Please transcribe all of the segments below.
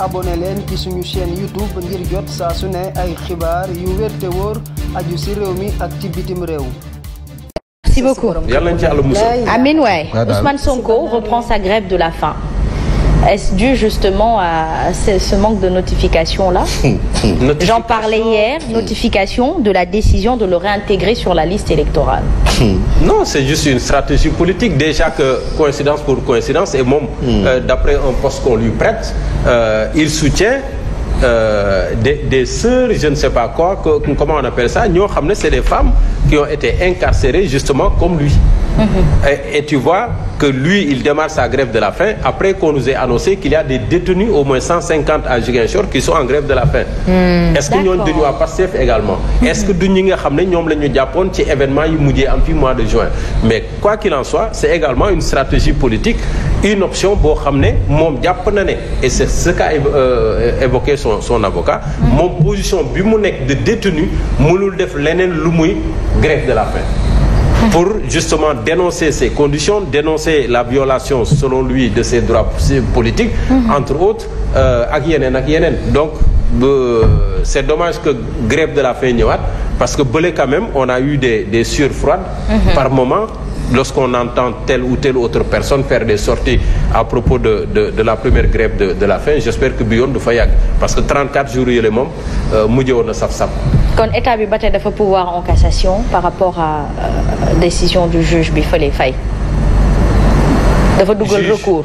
abone leen ci suñu chaîne YouTube ngir jot saa su ne ay xibaar yu wér te wóor aju si réew mi ak ci bitim réew. merci beaucoup yàlla nañ ci àll musal. amiin waay Ousmane Sonko sa grève la faim. Est-ce dû justement à ce, ce manque de notification-là notification. Hmm, hmm. J'en parlais hier, hmm. notification de la décision de le réintégrer sur la liste électorale. Non, c'est juste une stratégie politique. Déjà que coïncidence pour coïncidence, et même euh, d'après un poste qu'on lui prête, euh, il soutient euh, des, des sœurs, je ne sais pas quoi, que, comment on appelle ça, nous, c'est des femmes qui ont été incarcérées justement comme lui. Et, et, tu vois que lui, il démarre sa grève de la faim après qu'on nous ait annoncé qu'il y a des détenus, au moins 150 à Ziguinchor, qui sont en grève de la faim. Mmh, Est-ce que ñooñu dañu waa Pastef également. Hmm. Est-ce que du ñi nga xam ne ñoom la ñu jàppoon ci événement yi mujjee am fi mois de juin. mais quoi qu'il en soit c'est également une stratégie politique une option boo xam ne moom jàpp na ne et c'est ce qu'a euh, évoqué son son avocat. Hmm. moom position bi mu nekk de détenu mënul def leneen lu muy grève de la pour justement dénoncer ces conditions, dénoncer la violation selon lui de ses droits politiques, mhm. entre autres, euh, ak yeneen ak yeneen donc c'est dommage que grève de la faim ñëwaat parce que bële quand même on a eu des des sueurs froides mhm. par moment lorsqu'on entend telle ou telle autre personne faire des sorties à propos de de, de la première grève de de la faim j'espère que bi yoon du fa yàgg parce que 34 jours yële moom euh, mujjee woon na saf-saf. kon état bi ba tey dafa pouvoir en cassation par rapport à euh, décision du juge bi fële fay. dafa dugal recours.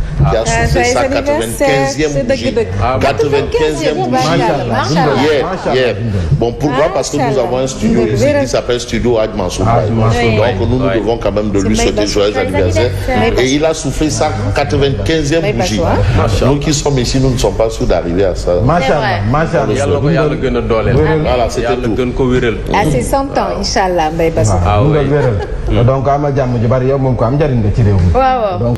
qui a soufflé sa 95e bougie. 95e bougie. Bon, pourquoi Parce que nous avons un studio ici qui s'appelle Studio Aj ah, Mansour Donc nous, nous devons quand même de lui souhaiter joyeux anniversaire. Et il a soufflé sa 95e bougie. Nous qui nous ne sommes pas sûrs d'arriver à ça. Voilà, c'était tout. ans, ah, Inch'Allah, Mbaye Bassou. Ah, mm. donc ama jàmm ju bari yow moom ko am njariñ nga ci réew mi.